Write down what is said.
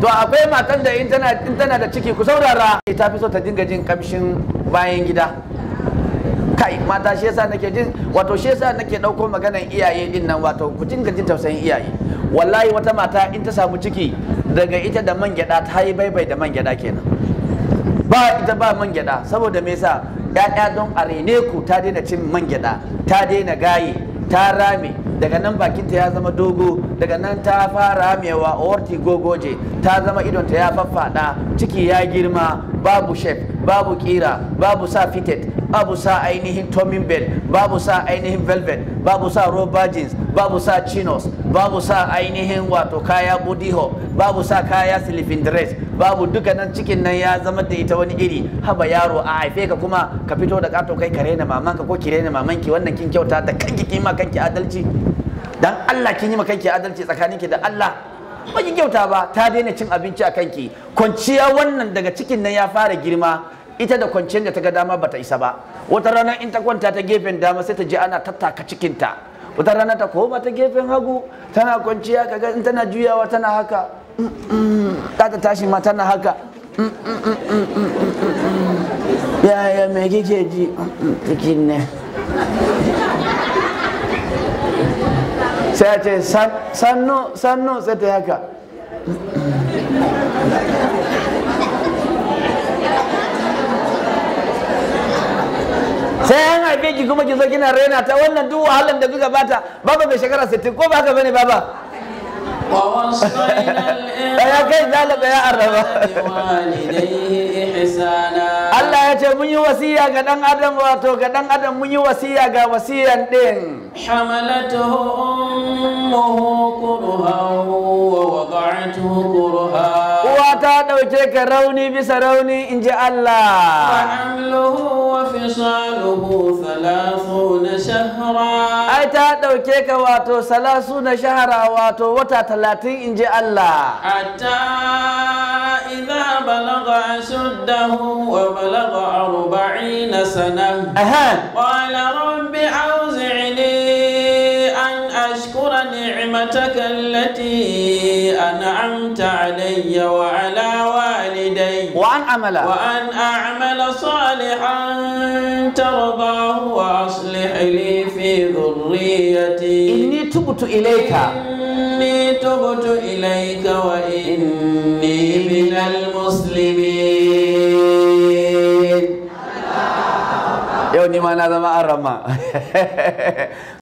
to akwai matan da in tana da ciki ku saurara eh, ta fi so ta dinga jin kamshin bayan gida kai mata shi yasa nake jin wato shi yasa nake dauko maganan iyaye din nan wato ku dinga jin tausayin iyaye wallahi wata mata in ta samu ciki daga ita da man gyada ta yi baibai da man gyada kenan ba ita ba man gyada saboda me yasa ya'ya don a ku ta daina cin man gyada ta daina gaye ta rame daga nan bakinta ya zama dogo daga nan ta fara ramewa orti gogoje ta zama idonta ya faffada ciki ya girma babu shef babu kira babu sa fitet babu sa ainihin tomin bell babu sa ainihin velvet babu sa rubber jeans babu sa chinos babu sa ainihin wato kaya budiho babu sa kaya sleeping dress babu duka nan cikin nan ya zama da ita wani iri haba yaro a haife ka kuma ka fito da kato kai kare rena mamanka ko ki rena mamanki wannan kin kyauta da kanki kin ma kanki adalci dan Allah kin yi ma kanki adalci tsakaninki da Allah ba ki kyauta ba ta daina cin abinci a kanki kwanciya wannan daga cikin nan ya fara girma ita da kwanciyar da ta ga dama bata isa ba wata rana in ta kwanta ta gefen dama sai ta ji ana tattaka cikinta wata rana ta koma ta gefen hagu tana kwanciya kaga in tana juyawa tana haka ta mm, mm, ta tashi ma tana haka mm, yaya me kike ji cikin ne sai ce sannu sannu sai ta haka sai an haife ki kuma ki zo kina raina ta wannan duk wahalar da kuka bata baba mai shekara 60 ko ba haka bane baba ya kai zalaba ya araba Allah ya ce mun yi wasiya ga dan adam wato ga dan adam mun yi wasiya ga wasiyan din hamalatuhu ummuhu kurhan wa wada'atuhu kurhan uwa ta dauke ka rauni bisa rauni inji Allah fisaluhu thalathuna shahra ai ta dauke ka wato Salasu na shahara wato wata talatin in ji Allah hatta idza balagha ashuddahu wa balagha 40 sana qala rabbi نعمتك التي أنعمت علي وعلى والدي وأن أعمل وأن أعمل صالحا ترضاه وأصلح لي في ذريتي إني تبت إليك إني تبت إليك وإني من المسلمين يا ما نظم أرمى